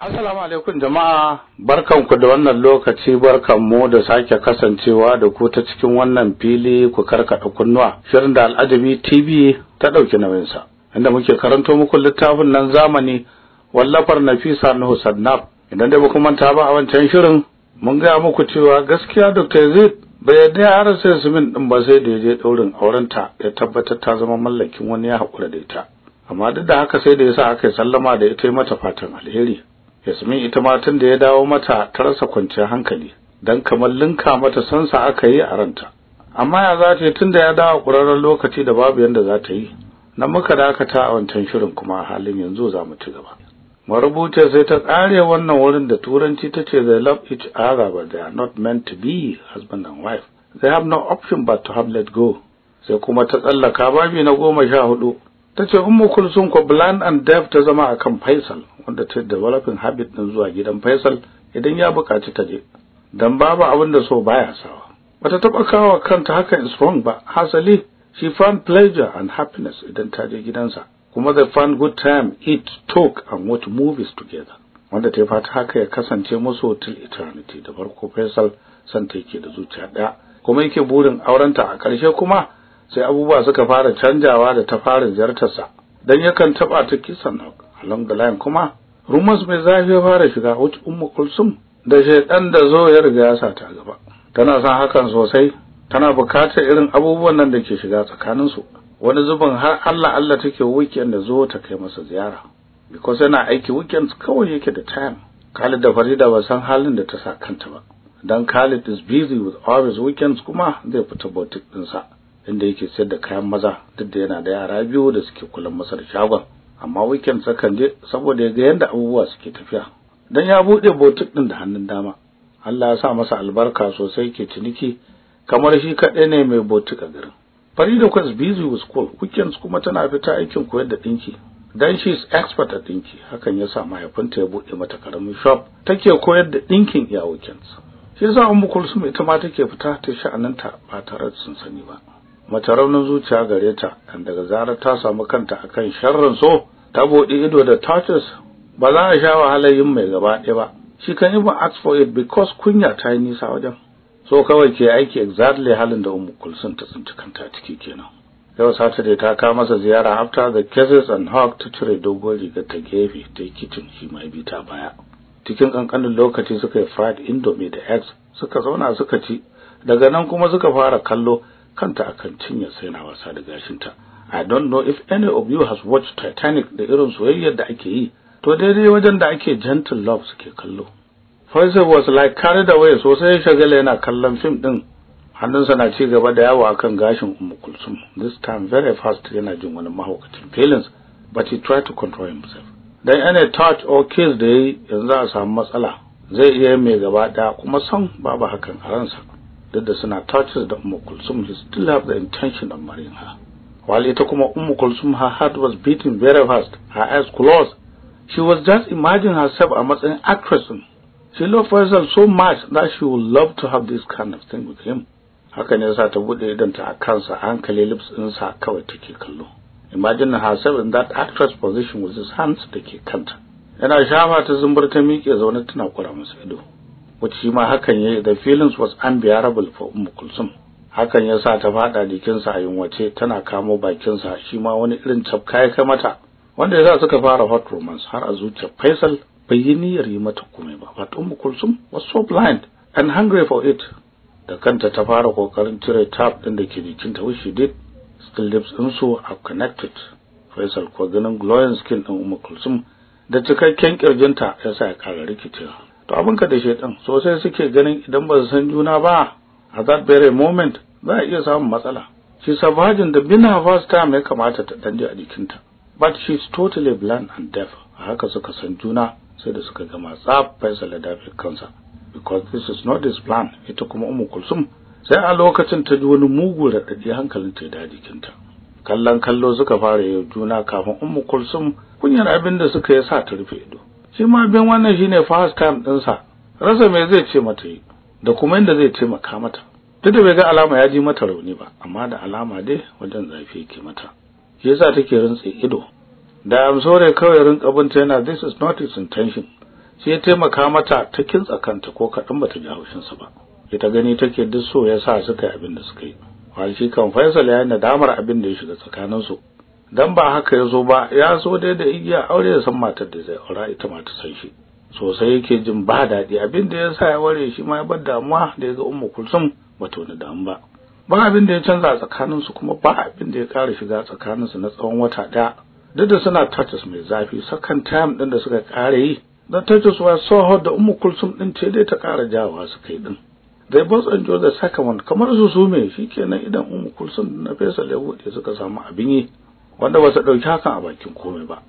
Assalamu alaikum jama'a barkanku da wannan lokaci barkanmu da sake kasancewa da ku ta cikin wannan fili ku karkata kunnuwa shirin da al'ajabi TV ta dauki nauyin sa inda muke karanto muku littafin nan zamani wallafar Nafisa na Sadnab idan dai ku manta ba a wancan shirin mun ga muku cewa gaskiya Dr. Yazid bai da ya rasa Yasmin din ba sai da yaje je auren ta, ya tabbatar ta zama mallakin wani ya hakura da ita amma duk da haka sai da yasa aka sallama da ita mata fatan alheri Yasmin ita ma tun da ya dawo mata ta rasa kwanciyar hankali dan kamar linka mata sansa aka yi a ranta amma ya za ta yi tun da ya dawo ƙurarren lokaci da babu yanda za ta yi nan muka dakata a wancan shirin kuma a halin yanzu za mu ci gaba marubuta sai ta tsare wannan wurin da turanci ta ce they love each other but they are not meant to be husband and wife they have no option but to have let go sai kuma ta tsallaka babi na goma sha hudu ta ce umu kulsun ko blind and deaf ta zama a kan faisal wanda ta developing habit din zuwa gidan faisal idan ya bukaci ta je dan babu abin da so baya sawa bata taɓa kawo kanta haka is wrong ba hasali she found pleasure and happiness idan ta je gidansa kuma they found good time eat talk and watch movies together wanda ta fata haka ya kasance musu till eternity da farko faisal san ta yake da zuciya ɗaya kuma yake burin aurenta a ƙarshe kuma sai abubuwa suka fara canjawa da ta fara ziyartarsa dan yakan taba ta kisan along the line kuma rumors mai zafi ya fara shiga wuce ummu kulsum da shaidan da zo ya riga ya sa ta gaba tana san hakan sosai tana bukatar irin abubuwan nan da ke shiga tsakanin su wani zubin har Allah Allah take weekend da zo ta kai masa ziyara because yana aiki weekends kawai yake da time Khalid da Farida ba san halin da ta sa kanta ba dan Khalid is busy with all his weekends kuma zai fita boutique din sa inda yake sayar da kayan maza duk da yana da yara biyu da suke kulan masa da shagon amma weekend sakan je saboda ya ga yadda abubuwa suke tafiya dan ya bude botik ɗin da hannun dama Allah ya sa masa albarka sosai ke ciniki kamar shi kaɗai ne mai botik a garin Farida was busy with school weekends kuma tana fita aikin koyar da ɗinki dan shi is expert a ɗinki hakan ya sa mahaifinta ya buɗe mata karamin shop take koyar da ɗinkin ya weekends shi yasa ummu kulsum ita ma take fita ta sha'aninta ba tare da sun sani ba mace raunin zuciya gare ta dan daga zarar ta samu kanta akan sharrin so ta bodi ido da touches ba za a sha wahalar yin mai gaba ɗaya ba she can even ask for it because kunya ta yi nisa wajen so kawai ke aiki exactly halin da ummu kulsun ta tsinci kanta ciki kenan yau saturday ta kawo masa ziyara after the cases and hawk ta cire dogon riga ta gefe ta yi kitchen shi mai bi ta baya cikin kankanin lokaci suka yi fried indomie da eggs suka zauna suka ci daga nan kuma suka fara kallo kanta akan cinyarsa yana wasa da gashinta I don't know if any of you has watched Titanic da irin soyayyar da ake yi to daidai wajen da ake gentle love suke kallo Faisal was like carried away So sosai shagala yana kallon fim din hannunsa na ci gaba da yawo akan gashin Ummu Kulsum this time very fast yana jin wani mahaukacin feelings but he tried to control himself Then any touch or kiss da yayi yanzu a samu matsala zai iya mai gaba daya kuma san babu hakan a ransa that the son attaches to Ummu Kulsum he still have the intention of marrying her while ita kuma Ummu Kulsum her heart was beating very fast her eyes closed she was just imagining herself as an actress she loved Faisal so much that she would love to have this kind of thing with him hakan yasa ta bude idanta a kansa hankali lips ɗinsa kawai take kallo imagine herself in that actress position with his hands take kanta yana shafa ta zumbur ta miƙe zaune tana kura masa ido Wata shi ma hakan ya the feelings was unbearable for Umm Kulsum hakan ya sa ta faɗa jikinsa a yunwace tana kamo bakinsa shi ma wani irin tafka ya kai mata wanda ya sa suka fara hot romance har a zuciyar Faisal bai yi niyyar yi mata komai ba but Umm Kulsum was so blind and hungry for it da kanta ta fara kokarin cire tap ɗin da ke jikinta which she did still lips din su are connected Faisal ko ganin glowing skin ɗin Umm Kulsum da cikakken kirjinta ya sa ya kara rikicewa to abinka da shaitan sosai suke ganin idan ba su san juna ba a that very moment za a iya samun matsala she virgin da bina first mai ya kamata ta danje a jikinta but she is totally blind and deaf A haka suka san juna sai da suka gama tsaf Faisal da dafi kansa because this is not his plan ita kuma umu Kulsum sai a lokacin ta ji wani mugu raɗaɗi hankalin ta da jikinta kallon kallo suka fara yau juna kafin umu Kulsum kunyar abin da suka sa ta rufe ido shi ma bin wannan shine fast time ɗinsa rasa me zai ce mata yi da kuma yadda zai taimaka mata duk da bai ga alama ya ji mata rauni ba amma da alama dai wajen zafi yake mata shi yasa take rintse ido da saurayi kawai rinka binta yana this is not his intention sai ya taimaka mata ta kintsa kanta ko kaɗan bata ji haushinsa ba ita gani take duk so ya sa suka yi abin da suka yi wani shi kan faisal ya yi nadamar abin da ya shiga tsakaninsu dan ba haka ya zo ba ya zo dai da igiya aure ya san matar da zai aura ita ma ta san shi sosai yake jin ba daɗi abin da ya sa ya ware shi ma ya bar damuwa da ya ga ummu kulsum ba ta wani damu ba ba abin ya canza tsakanin su kuma ba abin da ya ƙara shiga tsakanin su na tsawon wata ɗaya duk da suna touches mai zafi sakan time ɗin da suka ƙara yi dan touches wa soho da ummu kulsum ɗin ce dai ta ƙara jawa su kai ɗin they both enjoy the sacrament kamar su su me kenan idan ummu kulsum na fesa da buɗe suka samu abin yi wanda ba su ɗauki hakan a bakin komai ba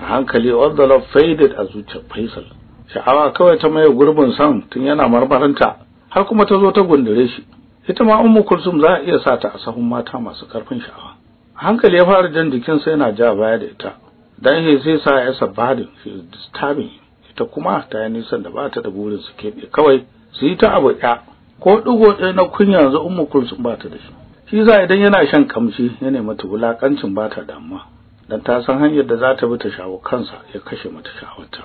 a hankali ordala faded a zuciyar faisal sha'awa kawai ta maye gurbin san tun yana marmaranta har kuma ta zo ta gundure shi ita ma ummu kulsum za a iya sa ta a sahun mata masu karfin sha'awa a hankali ya fara jan jikin jikinsa yana ja baya da ita dan he sai sa ya sa he shi disturbing ita kuma ta yi nisan da ba ta da burin su keɓe kawai su yi ta abu ɗaya ko ɗigo ɗaya na kunya yanzu ummu kulsum ba ta da shi shi za idan yana shan kamshi ya nemi ta wulakancin ba ta damuwa dan ta san hanyar da za ta bi ta shawo kansa ya kashe mata shawarta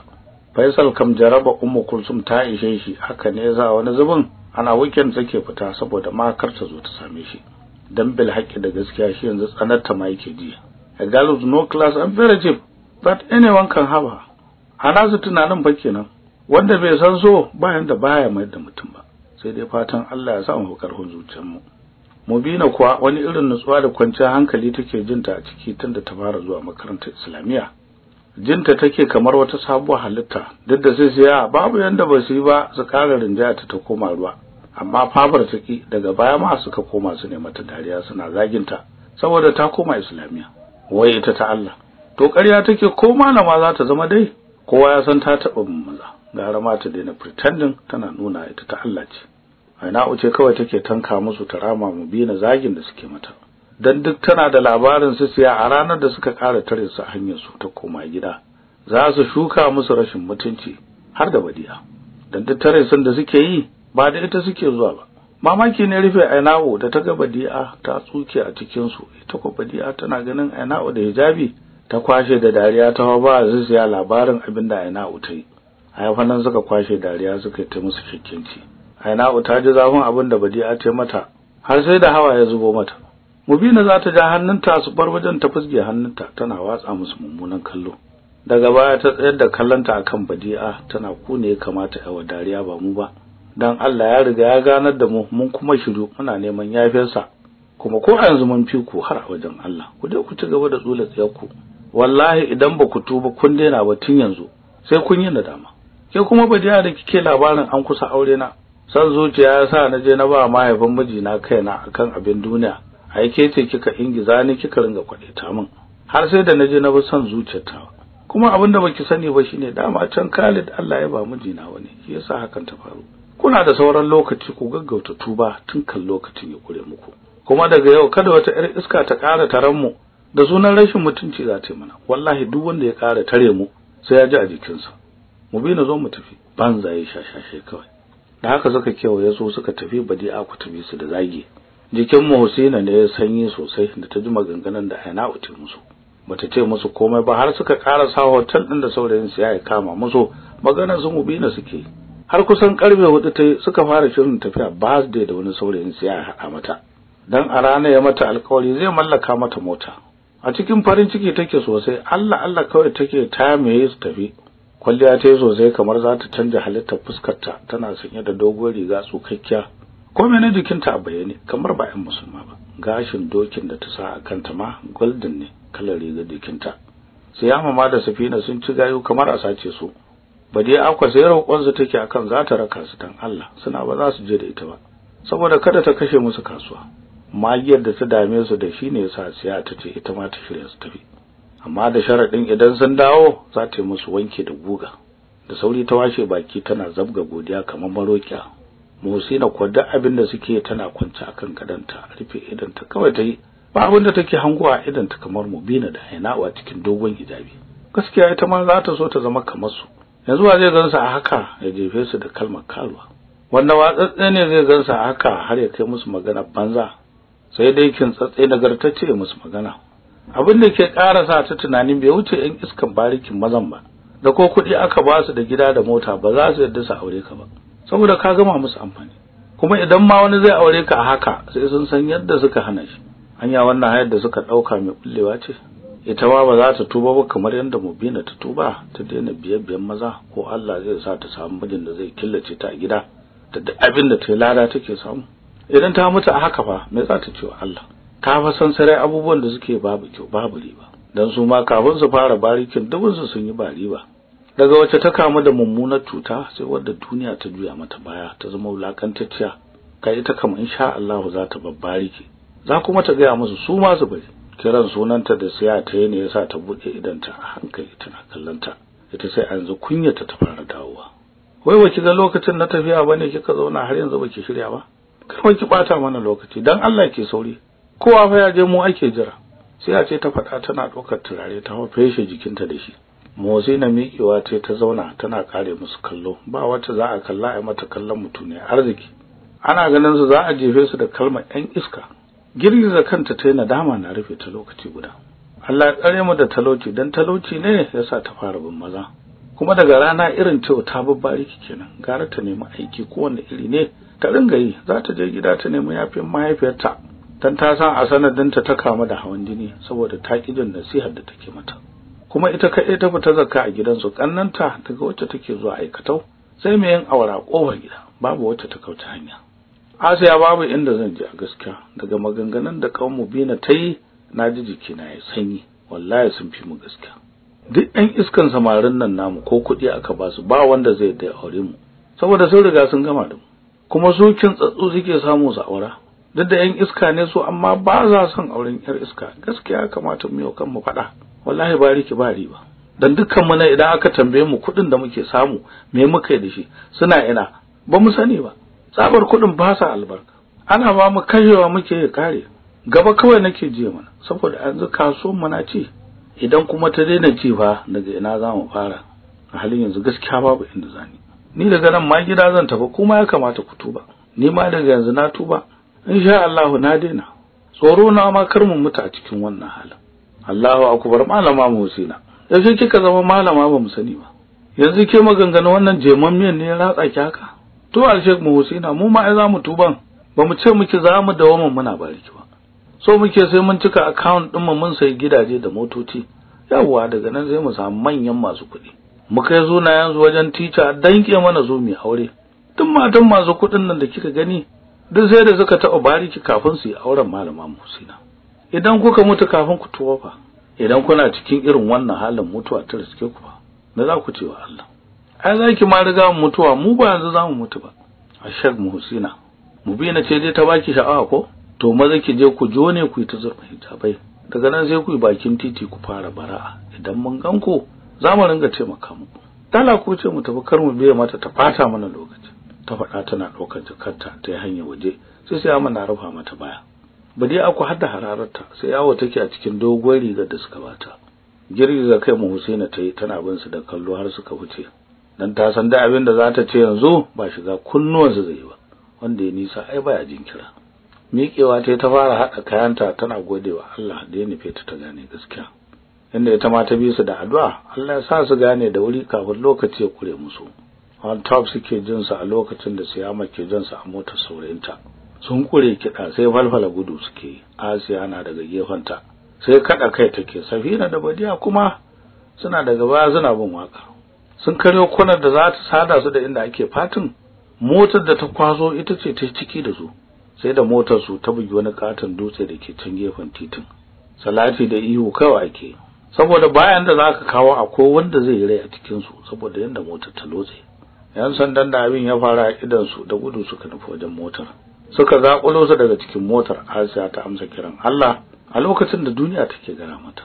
Faisal kam jaraba Ummu Kulsum ta ishe shi haka ne za wani zubin ana weekend take fita saboda makar ta zo ta same shi dan bil haƙi da gaskiya shi yanzu tsanarta ma yake ji a galus no class and very cheap but anyone can have her ana su tunanin ba kenan wanda bai san so bayan da baya mai da mutum ba sai dai fatan Allah ya sa mu karfin zuciyarmu mubina kuwa wani irin nutsuwa da kwanciyar hankali take jinta a ciki tunda ta fara zuwa makarantar islamiyya jinta take kamar wata sabuwar halitta duk da sai sai babu yanda ba su yi ba su kara rinjaya ta ta koma ruwa amma fabar take daga baya ma suka koma su ne mata dariya suna zaginta saboda ta koma islamiyya wai ita ta Allah to ƙarya take ko malama za ta zama dai kowa ya san ta taɓa maza gara ma ta daina pretending tana nuna ita ta Allah ce aina uce kawai take tanka musu tarama mu bi na zagin da suke mata dan duk tana da labarin su siya a ranar da suka ƙara tare su hanyar su ta koma gida za su shuka musu rashin mutunci har da badiya dan duk tare sun da suke yi ba da ita suke zuwa ba mamaki ne rufe Aina'u da ta ga badiya ta tsuke a cikin su ita ko badiya tana ganin ainawo da hijabi ta kwashe da dariya ta ba siya labarin abin da Aina'u ta yi a yafanan suka kwashe dariya suka yi ta musu kikkinci Aina'u ta ji zafin abin da Badi'a ta mata har sai da hawa ya zubo mata. Mubina za ta ja hannunta su bar wajen ta fusge hannunta tana watsa musu mummunan kallo. Daga baya ta tsayar da kallonta akan Badi'a tana kune ya kamata yawa dariya ba mu ba. Dan Allah ya riga ya ganar da mu mun kuma shiru muna neman yafiyarsa. Kuma ko a yanzu mun fi ku har a wajen Allah. Ku dai ku ci gaba da tsula tsayarku. Wallahi idan ba ku tuba kun daina ba tun yanzu sai kun yi nadama. Ke kuma Badi'a da kike labarin an kusa aure na san zuciya ya sa na je na ba mahaifin mijina kaina akan abin duniya ai ke ce kika ingiza ni kika ringa ta min har sai da na je na bi san zuciyarta kuma abin da baki sani ba shine dama can Khalid Allah ya ba mijina wani shi yasa hakan ta faru kuna da sauran lokaci ku gaggauta tuba tun kan lokacin ya kure muku kuma daga yau kada wata ƴar iska ta ƙara taran mu da sunan rashin mutunci za ta yi mana wallahi duk wanda ya ƙara tare mu sai ya ji a jikinsa mu bi na zo mu tafi banza ya shashashe kawai da haka suka kewaye su suka tafi badi'a ku tafi su da zagi jikin mu Husaina ne ya sanyi sosai da ta ji maganganun da Aina uti musu bata ce musu komai ba har suka karasa hotel din da saurayin su ya kama musu maganar su na suke har kusan karfe hudu ta suka fara shirin tafiya birthday da wani saurayin su ya haɗa mata dan a rana ya mata alƙawari zai mallaka mata mota a cikin farin ciki take sosai Allah Allah kawai take ta meye su tafi kwalliya ta yi sosai kamar za ta canja halittar fuskarta tana sanye da doguwar riga tsukakkiya ko na jikinta a bayyane kamar ba 'yan musulma ba gashin dokin da ta sa a kanta ma golden ne kalar rigar jikinta sai amma da safina sun ci gayu kamar a sace su ba dai akwa sai roƙon su take akan za ta raka su dan Allah suna ba za su je da ita ba saboda kada ta kashe musu kasuwa magiyar da ta dame su da shine yasa siya ta ce ita ma ta shirya su tafi amma da sharaɗin idan sun dawo za ta yi musu wanke da guga da sauri ta washe baki tana zabga godiya kamar marokiya Musina kuwa abin da suke tana kwance akan gadanta rufe idan ta kawai ta yi ba abin da take hangowa idan ta kamar mu Mubina da wa cikin dogon hijabi gaskiya ita ma za ta so ta zama kamar su yanzu wa zai gansa a haka ya jefe su da kalmar kalwa wanda watsatse ne zai gansa a haka har ya kai musu magana banza sai dai kin tsatse nagartacce musu magana abin da ke ƙara sa ta tunanin bai wuce yan iskan barikin mazan ba da ko kuɗi aka ba su da gida da mota ba za su yarda su aure ka ba saboda ka gama musu amfani kuma idan ma wani zai aure ka a haka sai sun san yadda suka hana shi hanya wannan hayar da suka ɗauka mai bullewa ce ita ma ba za ta tuba ba kamar yadda mu bina ta tuba ta daina biye-biyen maza ko Allah zai sa ta samu mijin da zai killace ta a gida da duk abin da ta yi lada take samu idan ta mutu a haka fa me za ta ce wa Allah ta fa san sarai abubuwan da suke babu kyau babu riba dan su ma kafin su fara barikin dubun su sun yi ba riba daga wacce ta kamu da mummunar cuta sai wadda duniya ta juya mata baya ta zama wulakantacciya kai ita kam insha Allah za ta babbarike za kuma ta gaya musu su ma su bari kiran sunanta da siya ta ne yasa ta buɗe idanta a hankali tana kallanta ita sai yanzu kunya ta ta fara dawowa wai wace ga lokacin na tafiya bane kika zauna har yanzu baki shirya ba kai ki bata mana lokaci dan Allah ke sauri kowa fa ya je mu ake jira sai a ce ta faɗa tana ɗaukar turare ta hau shi jikinta da shi motsi na miƙewa ce ta zauna tana kare musu kallo ba wata za a kalla a mata kallon ne arziki ana ganin su za a jefe su da kalmar 'yan iska girgiza kanta ta yi nadama na rufe ta lokaci guda Allah tsare mu da talauci dan talauci ne yasa ta fara bin maza kuma daga rana irin ta ta babbari kenan gara ta nemi aiki kowanne iri ne ta ringa yi za ta je gida ta nemi yafin mahaifiyarta dan ta san a sanadinta ta kama da hawan jini saboda ta ƙi jin nasihar da take mata kuma ita kaɗai ta fita zakka a gidansu kannanta daga wacce take zuwa aikatau sai mai yin awara kofar gida babu wacce ta kauta hanya Asiya babu inda zan je a gaskiya daga maganganun da kanmu Bina ta yi na ji jikina ya sanyi wallahi sun fi mu gaskiya duk ɗan iskan samarin nan namu ko kuɗi aka ba su ba wanda zai da aure mu saboda sun riga sun gama da mu kuma su kin tsatsu suke samu su aura duk da yan iska ne su amma ba za son auren yar iska gaskiya kamata mu yau kan mu faɗa wallahi ba riki ba riba dan dukkanmu mu idan aka tambaye mu kuɗin da muke samu me muka yi da shi suna ina ba mu sani ba tsabar kuɗin ba sa albarka ana ba mu kashewa muke kare gaba kawai nake je mana saboda yanzu kasuwan mu na ci idan kuma ta daina ci fa daga ina za mu fara a halin yanzu gaskiya babu inda zani ni daga nan ma gida zan tafi kuma ya kamata ku tuba ni ma daga yanzu na tuba insha Allah na daina tsoro na ma kar mu mutu a cikin wannan halin Allahu akbar malama Musina yaushe kika zama malama ba mu sani ba yanzu ke maganganu wannan jemammiyan ne ya ratsa ki haka to alsheikh mu Husina mu ma ai za mu tuban ba mu ce muke za mu dawo muna bariki ba so muke sai mun cika account din mu mun sayi gidaje da motoci yawwa daga nan sai mu samu manyan masu kuɗi mu kai na yanzu wajen tica danke mana zo mu aure tun matan masu kuɗin nan da kika gani duk sai da suka taɓa bariki kafin su yi auren malama Musina idan kuka mutu kafin ku tuwa fa idan kuna cikin irin wannan halin mutuwa ta riske ku fa da za ku ce Allah ai za ki ma riga mutuwa mu ba yanzu za mu mutu ba A ashar Musina na ce dai ta baki sha'awa ko to maza ki je ku jone ku yi ta zurfa hijabai daga nan sai ku yi bakin titi ku fara bara'a idan mun gan ku za mu ringa taimaka muku dala ku ce mu tafi kar mu biya mata ta fata mana lokaci ta faɗa tana ɗaukar jakarta ta yi hanyar waje sai sai amma na rufa mata baya dai aku hada hararta sai yawo take a cikin doguwar rigar da suka bata girgiza kai mu Husaina ta yi tana bin su da kallo har suka wuce dan ta san da abin da za ta ce yanzu ba shiga su zai ba wanda ya nisa ai baya jin kira miƙewa ta ta fara haɗa kayanta tana godewa Allah da ya nufe ta ta gane gaskiya inda ita ma ta bi su da addu'a Allah ya sa su gane da wuri kafin lokaci ya kure musu Top suke jinsa a lokacin da Siyama ke jinsa a motar saurayinta. Sun kure kiɗa sai falfala gudu suke, Asiya na daga gefenta. Sai kaɗa kai take, Safina da Badiya kuma suna daga baya suna bin waka. Sun karyo kunar da za ta sada su da inda ake fatin. Motar da ta kwazo ita ce ta ciki da su. Sai da motar su ta bugi wani katon dutse da ke can gefen titin. Salati da ihu kawai ake. Saboda bayan da za ka kawo akwai wanda zai yi rai a cikinsu saboda yadda motar ta lotse. yan sandan da abin ya fara idan su da gudu suka nufi wajen motar suka zakulo su daga cikin motar Asiya ta amsa kiran Allah a lokacin da duniya take gara mata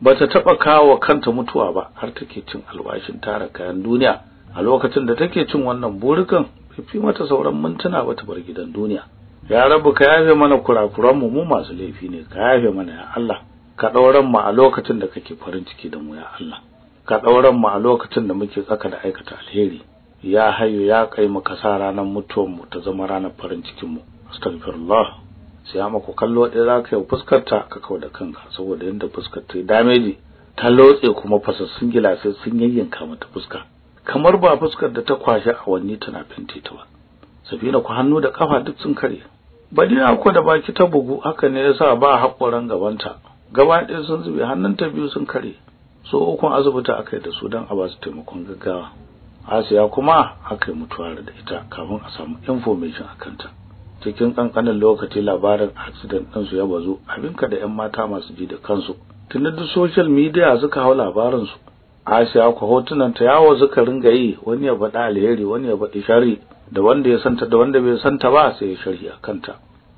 bata taba kawo kanta mutuwa ba har take cin albashin tara kayan duniya a lokacin da take cin wannan burukan fifi mata sauran mintuna bata bar gidan duniya ya rabu ka yafe mana kurakuran mu mu masu laifi ne ka yafe mana ya Allah ka dauran mu a lokacin da kake farin ciki da mu ya Allah ka dauran mu a lokacin da muke tsaka da aikata alheri ya haihu ya kai mu kasa ranar mutuwar mu ta zama ranar farin cikin mu astaghfirullah sai amma ku kallo ɗaya za ka yi fuskar ka kawo da kanka saboda yadda fuskar ta dameji ta lotse kuma fasassun gilasai sun yayyanka mata fuska kamar ba fuskar da ta kwashe awanni tana fente ta ba safina ku hannu da kafa duk sun kare badina ku da baki ta bugu haka ne yasa ba hakoran gabanta gaba ɗaya sun zube hannun ta biyu sun kare so ukun azubuta akai da su don a ba taimakon gaggawa Asiya kuma aka yi mutuwa da ita kafin a samu information akan ta cikin kankanin lokaci labarin accident ɗinsu su ya bazo abinka da 'yan mata masu ji da kansu tunda duk social media suka hau labarin su Asiya ko hotunan ta yawo suka ringa yi wani ya faɗa alheri wani ya faɗi shari da wanda ya santa da wanda bai santa ba sai ya sharhi akan ta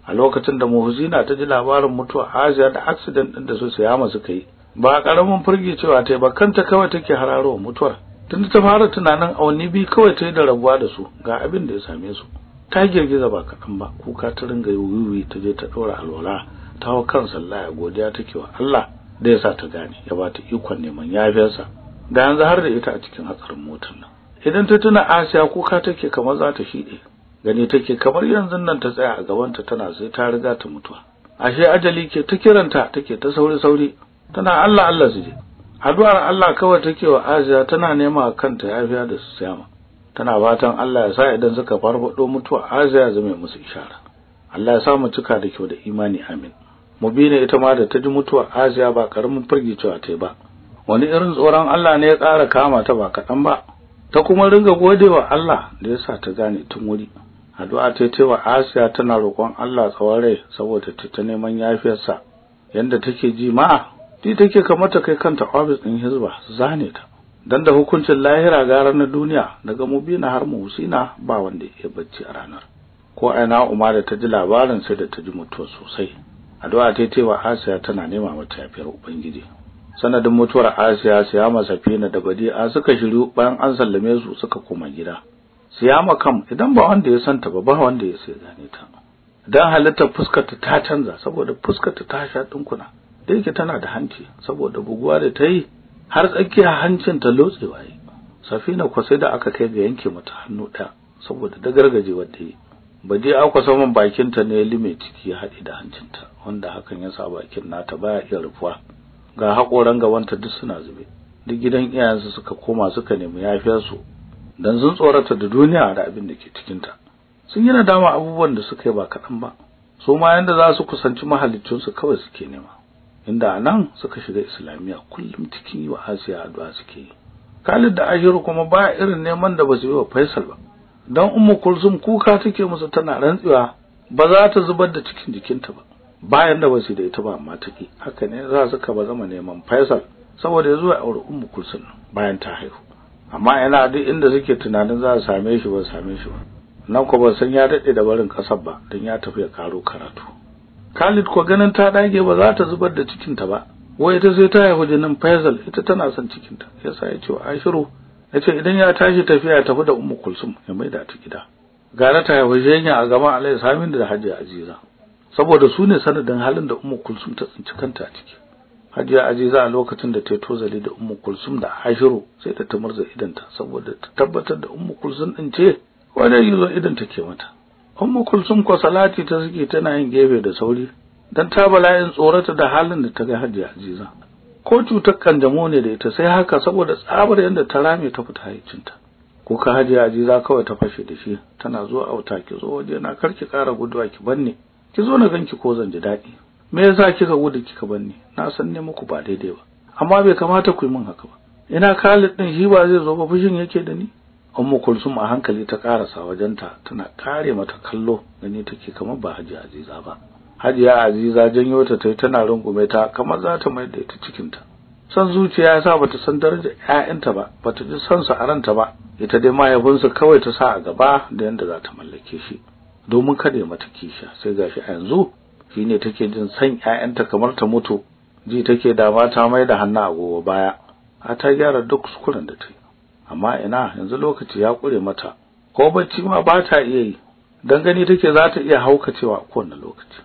a lokacin da Muhuzina ta ji labarin mutuwa Asiya da accident ɗin da su Siyama suka yi ba karamin furgicewa ta ba kanta kawai take hararo mutuwar tun ta fara tunanin awanni biyu kawai ta yi da rabuwa da su ga abin da ya same su ta girgiza ba kaɗan ba kuka ta ringa wuyi-wuyi ta je ta ɗora alwala ta hau kan sallah ya godiya take wa Allah da ya sa ta gane ya ba ta ikon neman yafiyarsa ga yanzu har da ita a cikin hatsarin motar nan idan ta tuna Asiya kuka take kamar za ta shiɗe gani take kamar yanzu nan ta tsaya a gabanta tana sai ta riga ta mutuwa ashe ajali ke ta kiranta take ta sauri sauri tana Allah Allah su je addu'ar Allah kawai take wa Aziya tana nema kanta yafiya da su sayama tana fatan Allah ya sa idan suka farfado mutuwa Aziya zama musu ishara Allah ya sa mu cika da kyau da imani amin Mu mubina ita ma da ta ji mutuwa Aziya ba karamin firgicewa ta ba wani irin tsoron Allah ne ya ƙara kama ta ba kaɗan ba ta kuma ringa godewa Allah da ya sa ta gane tun wuri addu'a ta yi wa Asiya tana roƙon Allah tsawon rai saboda ta ta neman yafiyarsa yanda take ji ma ti take ta kai kanta office din hizba zane ta dan da hukuncin lahira ga na duniya daga mubina har muhsina ba wanda ya bacci a ranar ko a aina umara ta ji labarin sai da ta ji mutuwa sosai addu'a ta tewa Asiya tana nema mata yafiyar ubangiji sanadin mutuwar Asiya Siyama Safina da Badi'a suka shiru bayan an sallame su suka koma gida Siyama kam idan ba wanda ya santa ba ba wanda ya sai zane ta dan halitta fuskar ta ta canza saboda fuskar ta ta sha dinkuna da yake tana da hanci saboda buguwa da ta yi har tsakiyar hancin ta lotse waye safina kwasai da aka kai ga yanke mata hannu ɗaya saboda da gargaje ta yi Ba baje akwa saman bakin ta ne lime ciki ya haɗe da hancinta wanda hakan ya sa bakin nata baya iya rufuwa ga hakoran gabanta duk suna zube duk gidan iyayensu suka koma suka nemi yafiyar su dan sun tsorata da duniya da abin da ke cikinta. sun yi nadama abubuwan da suka yi ba kaɗan ba su ma yanda za su kusanci mahaliccin kawai suke nema inda anan suka shiga islamiyya kullum cikin yi wa Asiya addu'a suke yi Khalid da Ashiru kuma ba irin neman da basu yi wa Faisal ba dan Ummu Kulzum kuka take musu tana rantsuwa ba za ta zubar da cikin jikinta ba bayan da basu da ita ba amma take haka ne za su ka ba zama neman Faisal saboda zuwa ya aure Ummu Kulsum bayan ta haihu amma yana duk inda suke tunanin za su same shi ba same shi ba nan ko sun ya dade da barin kasar ba dan ya tafi ya karo karatu Khalid ko ganin ta dage ba za ta zubar da cikinta ba wai ita sai ta haihu jinin Faisal ita tana son cikinta yasa ya ce wa Ashiru yace idan ya tashi tafiya tafi da Ummu Kulsum ya maida ta gida gara ta haihu jinya a gaban alai Samin da Hajiya Aziza saboda su ne sanadin halin da Ummu Kulsum ta tsinci kanta a ciki Hajiya Aziza a lokacin da ta yi tozali da Ummu Kulsum da Ashiru sai ta tumurza idanta saboda ta tabbatar da Ummu Kulsum din ce wani yizo idan take mata ummu kulsum ko salati ta suke tana yin gefe da sauri dan ta bala'in tsorata da halin da ta ga Hajji aziza ko cutar kanjamo ne da ita sai haka saboda tsabar yadda ta rame ta fita haicinta kuka Hajji aziza kawai ta fashe da shi tana zuwa auta ki zo waje na ki kara guduwa ki banne ki zo na ganki ko zan ji daɗi me yasa kika gudu kika banne na san ne muku ba daidai ba amma bai kamata ku yi min haka ba ina Khalid din shi ba zai zo ba fushin yake da ni ummu kulsum a hankali ta karasa wajenta tana kare mata kallo gani take kamar ba hajiya aziza ba hajiya aziza janyo ta tai tana rungume ta kamar za ta maida ita cikin ta san zuciya ya sa bata san darajar ƴaƴanta ba bata ji san su a ranta ba ita dai mahaifinsu kawai ta sa a gaba da yanda za ta mallake shi domin kada ya mata kisha sai gashi a yanzu Shi ne take jin san ƴaƴanta kamar ta mutu ji take da ba ta maida hannu agogo baya a ta gyara duk sukuren da ta yi amma ina yanzu lokaci ya kure mata ko bacci ma ba ta iya yi dan gani take za ta iya haukacewa kowane lokaci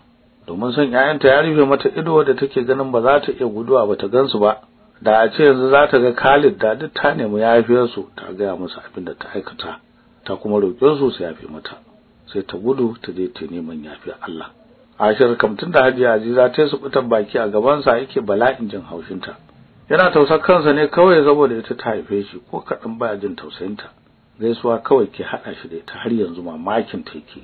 domin son 'ya'yanta ya rufe mata ido da take ganin ba za ta iya guduwa ba ta gansu ba da a ce yanzu za ta ga Khalid da duk ta nemi su ta gaya musu abin da ta aikata ta kuma roƙe su su yafe mata sai ta gudu ta je ta neman yafiyar Allah Ashir kamtun da Hajiya Aziza ta yi su baki a gaban sa yake bala'in jin haushinta yana tausar kansa ne kawai saboda ita ta haife shi ko kaɗan baya jin tausayinta gaisuwa kawai ke haɗa shi da ita har yanzu mamakin ta yake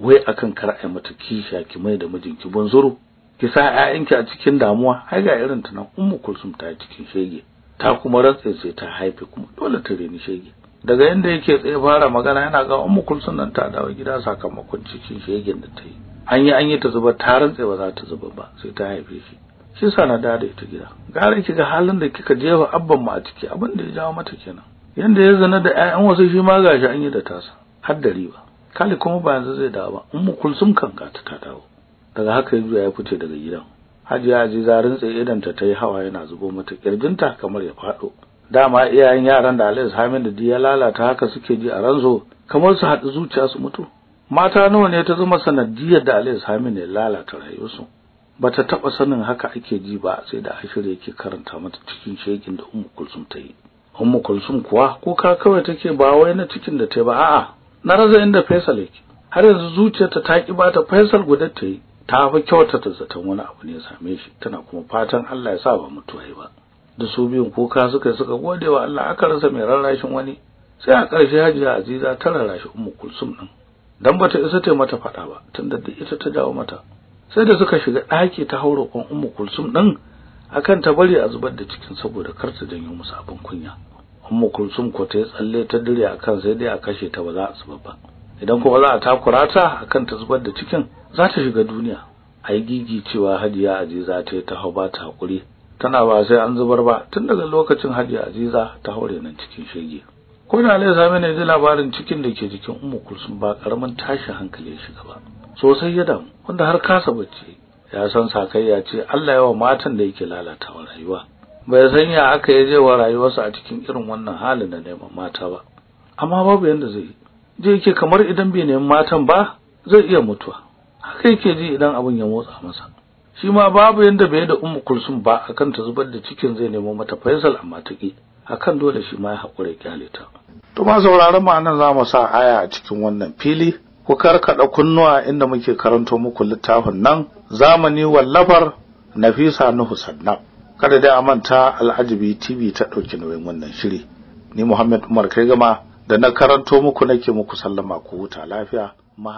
wai akan kar ai mata kisha ki mai da mijinki bunzuru ki sa ƴaƴanki a cikin damuwa ai ga irin ta nan ummu kulsum ta cikin shege ta kuma rantse sai ta haife kuma dole ta reni shege daga inda yake tsaye fara magana yana ga ummu kulsum nan ta dawo gida sakamakon cikin shegen da ta yi an yi an yi ta zuba ta rantse ba za ta zuba ba sai ta haife shi shi sa na da ita gida gara ki ga halin da kika jefa abban mu a ciki abin da ya jawo mata kenan yanda ya zana da ƴaƴan wasu shi ma gashi an yi da tasa har da riba kali kuma ba yanzu zai dawo ba in mu kulsum kan ta ta dawo daga haka ya ya fice daga gidan hajiya aziza rintse idan ta ta yi hawa yana zubo mata kirjinta kamar ya faɗo dama iyayen yaran da Alhaji Hamid da ya lalata haka suke ji a ranzo kamar su haɗu zuciya su mutu mata nawa ne ta zama sanadiyar da Alhaji Hamid ya lalata rayuwarsu bata taba sanin haka ake ji ba sai da Ashir yake karanta mata cikin shekin da Ummu Kulsum ta yi Ummu Kulsum kuwa kuka kawai take ba wai na cikin da ta ba a'a na raza inda Faisal yake har yanzu zuciyarta ta ki bata Faisal guda ta yi ta fi ta zaton wani abu ne ya same shi tana kuma fatan Allah ya sa ba mutuwai ba da su biyun kuka suka suka gode wa Allah aka rasa mai rarrashin wani sai a ƙarshe Hajiya Aziza ta rarrashi Ummu Kulsum din dan bata isa ta mata faɗa ba tunda da ita ta dawo mata sai da suka shiga ɗaki ta haura kon ummu kulsum ɗin akan ta bari a zubar da cikin saboda kar ta janyo musu abin kunya ummu kulsum ko ta tsalle ta dire kan sai dai a kashe ta ba za a zubar ba idan kuma za a takura ta akan ta zubar da cikin za ta shiga duniya ai gigi cewa hadiya aziza ta ta hau ba ta hakuri tana ba sai an zubar ba tun daga lokacin hadiya aziza ta haure nan cikin shege ko da Allah ya ji da labarin cikin da ke jikin ummu kulsum ba karamin tashin hankali ya shiga ba sosai ya damu wanda har kasa bacci ya san sakayya ce Allah yawa matan da yake wa rayuwa bai san ya aka je wa rayuwarsa a cikin irin wannan halin da neman mata ba amma babu yanda zai je yake kamar idan bai neman matan ba zai iya mutuwa haka yake ji idan abin ya motsa masa shi ma babu yanda bai da ummu kulsum ba akan ta zubar da cikin zai nemo mata faisal amma ta ki akan dole shi ma ya haƙura kyale ta to ma sauraron mu nan za mu sa aya a cikin wannan fili ku karkada kunnuwa inda muke karanto muku littafin nan zamani wallafar Nafisa na Husanna. kada dai a manta Al'ajabi TV ta dauki nauyin wannan shiri ni Muhammad Umar kai gama da na karanto muku nake muku sallama ku huta lafiya mu